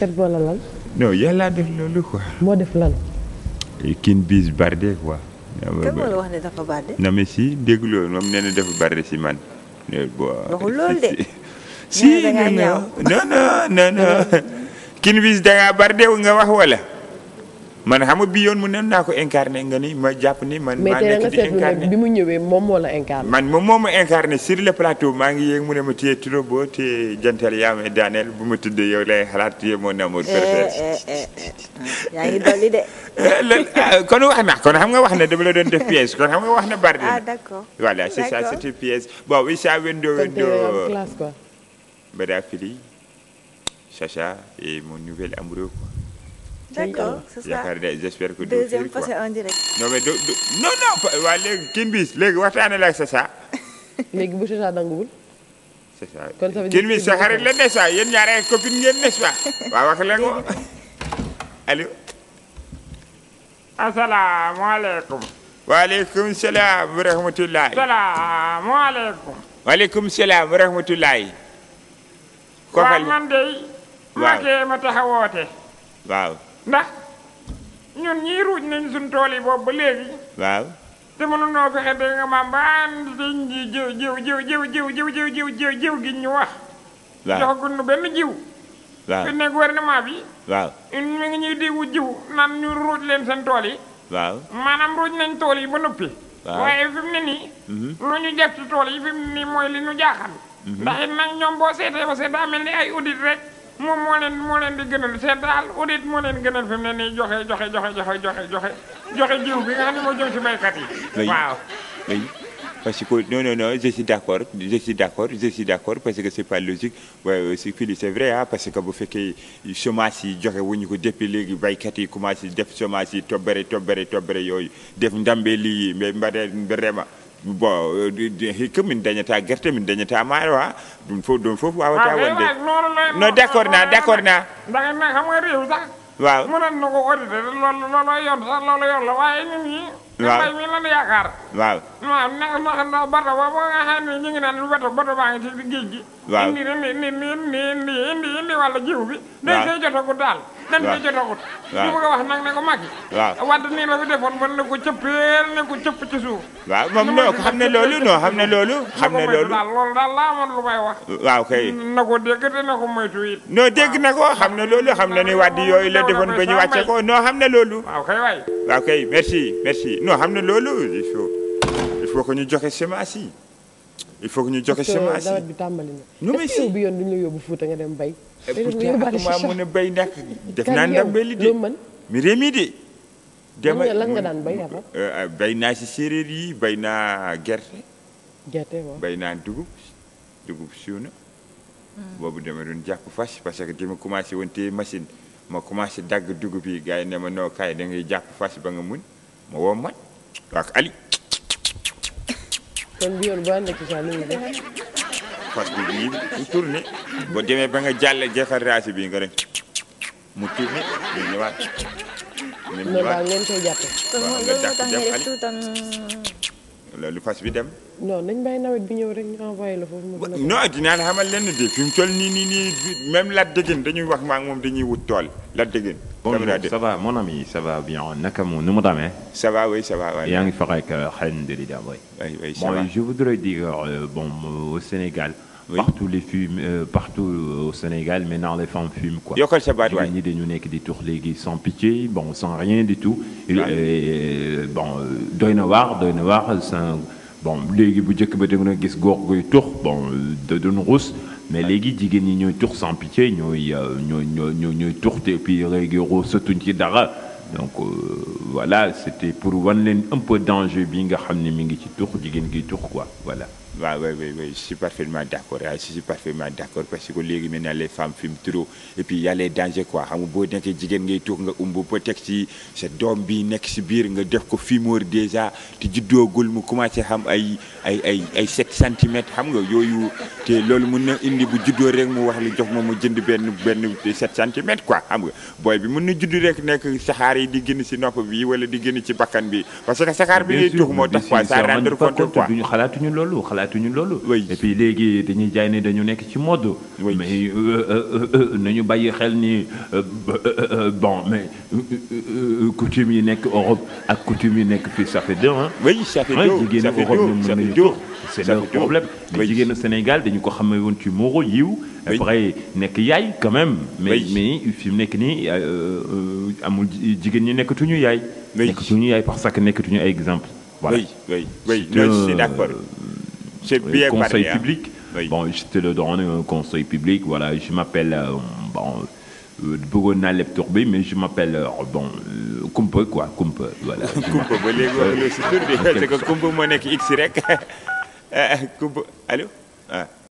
basket wala lan. non yàlla def loolu moo def lan. kin bis barde quoi. kan moo la wax ne dafa barde. non mais si dégg loolu moom nee na dafa barde si man. waxul loolu de. si kin bis da ngaa barde nga wax wala. man xam nga bi yoon mu nen naa ko incarné nga ni ma jàpp ni man. maa nekk di incarné bi mu ñëwee moom wala la man moom moo ma incarné sur le plateau maa ngi yéeg mu ne ma téye turo boo téye jantal yaa may daaneel bu ma tuddee yow lay xalaat téye mon amour eh, eh, préféré. Eh, yaa ah, xam nga wax na dama la doon def wax na bari na. ah d'accord D'accord, kin bis léegi la ak Sacha. léegi bu Sacha nanguwul. c'est ça kon tamit ko allo. asalaamaaleykum. waaleykum salaam wa rahmatulahi. salaamaaleykum. man de. waaw ma tax woote. waaw. ndax ñun ñii ruuj nañ suñ tool boobu ba léegi. waaw te mënunoo fexe dégg nga maam baan dañ ji jiw jiw jiw jiw jiw jiw jiw gi ñu wax. waaw joxaguñ benn jiw. waaw fi na maa bi. waaw mi ngi ñuy déggu jiw naan ñu ruuj leen seen tool yi. waaw maanaam ruuj nañ tool yi ba noppi. waaye fi mu ne nii. Mhm. lu ñu def ci tool yi fi mu ne mooy li ñu jaaxal. Mhm. ndax it nag ñoom boo seetee ba seet daa mel ni ay audit rek. moom moo leen moo leen di gënal seet daal audit moo leen gënal fi mu ne nii joxe joxe joxe joxe jiw bi nga xam ne moo jëm si baykat yi. waaw parce que non non non je suis d' accord je suis parce que c' est pas logique waaye aussi fii vrai ah parce que bu fekkee semence yi joxe wuñu ko depuis léegi baykat yi commencé def semence yi tobbare tobbare tobbare yooyu def ndàmbe lii mais mbare mbare ma. bon euh, hikka min dañata guerte min dañata maaro ha ɗum fof ɗon fof wawata ah, wonde no d' accord na d' accord na daga kam ga riiw sax waaw munen no ko oditede loolo loolo yon sax loolo yolla wawi enen yi waaw mbay mi lan yaakaar. na na bato ba nga xam ne ñu ngi naan bato bato baa ngi géej gi. waaw indi indi indi indi indi indi jiw bi. waaw dañ koy jotagut daal. waaw dañ koy jotagut. waaw li bëgg a wax nag ne ko Macky. waaw wante nii la fi defoon ba ne ko cëppeel ne ko cëpp ci suuf. waaw moom non xam ne loolu non xam ne loolu. xam ne loolu daal loolu daal laa amoon lu may wax. waaw kay na ko dégg te na ko moytu it. non dégg na ko xam ne loolu xam ne ni wàddi yooyu le de ba ñu wàcce ko noo xam ne loolu. waaw kay waaw ah, kay merci merci non xam ne loolu il faut ñu joxe semence yi il faut ñu joxe semence yi nawet bi tàmbali na. ñu may si bi yoon duñu la yóbbu Fuuta nga dem bay. Eh, pourtant mën a bay nekk def naa ndam bay li de mi réew mi de. dama lan nga daan bay euh, euh, bay naa si séeréer yi bay naa gerte. gerte bay naa dugub dugub suuna. Hmm. boobu dama doon jàpp fas parce que dama commencé woon téye machine. ma commencé dagg dugub yi gars yi ne ma noo kaay da ngay jàpp fas ba nga mun ma woo man waak Ali. bi yoon boo ànd ak isa lu fas bi mu tourné boo demee ba nga jàll jeexal raasi bi nga rek mu tourné ñu ñëwaat. ñu ñëwaat loolu waaw ngeen koy jàppee. loolu fas bi dem. non nañ bàyyi nawet bi ñëw rek ñu envoyé la foofu. mu non dinaa la xamal lenn de fi mu nii nii nii même la dëggin dañuy wax maa ngi moom dañuy wut tool la dëggin. bonjour ça va mon ami ça va bien naka mu nu mu demee. ça va oui ça yaa ngi fexe ak euh, alhamdulilah waay. waay waay ça va bon je voudrais dire euh, bon euh, Sénégal. oui partout les fume euh, partout euh, au Sénégal maintenant les femmes fument quoi. yokkal sa baat waay jigéen ñi dañu nekk di tux léegi sans pitié bon sans rien di tout. Euh, bon doy na waar doy na waar sans bon léegi bu njëkk ba da nga gis góor guy tux bon da doon ruus. mais léegi jigéen ñi ñooy tux sans pitié ñooy ñooy ñooy ñooy tux et puis léegi ruusatuñ ci dara. donc voilà c'était pour wan leen un peu danger bi nga xam ni mi ngi ci tux jigéen gi tux quoi voilà. waaw waaw waaw je suis parfaitement d'accord je suis parfaitement d'accord parce que léegi maintenant les femmes fument trop et puis y a les dangers nga boo nekkee jigéen ngay toog nga umb ba teg ci sa doom bi si commencé xam ay ay ay ay 7 centimètres xam nga yooyu te loolu mun na indi bu juddoo rek mu wax li jox moom mu jënd benn benn set centimètres quoi xam nga booy bi mun na judd rek nekk saxaar yi di génn si nopp bi wala di génn ci bakkan bi parce que saxaar bi ngay toog moo tax quoi ça rendre compte quoi xalaatuñu loolu. et puis léegi dañuy jaay ne dañu nekk ci mode. mais euh, euh, euh, nañu bàyyi xel ni bon mais coutume yi nekk Europe ak coutume yi nekk fii sa fait deux ah. oui ça fait deux jigéenu Europe ñu mën nañu Sénégal dañu ko xamee woon ci moro yiw. après nekk yaay quand même. mais mais fi mu nekk nii amul jigéen ñi nekkatuñu yaay. nekkatuñu yaay parce que nekkatuñu ay exemple. wala C'est bien conseil barrière. public. Oui. Bon, j'étais le dans un euh, conseil public. Voilà, je m'appelle euh, bon, euh, Bourona Leptourbé, mais je m'appelle euh, bon, euh, Kumpo, quoi. Kumpo, voilà. Kumpo, vous voulez vous C'est que Kumpo, mon X, Y. Euh, Kumpo, allô ah.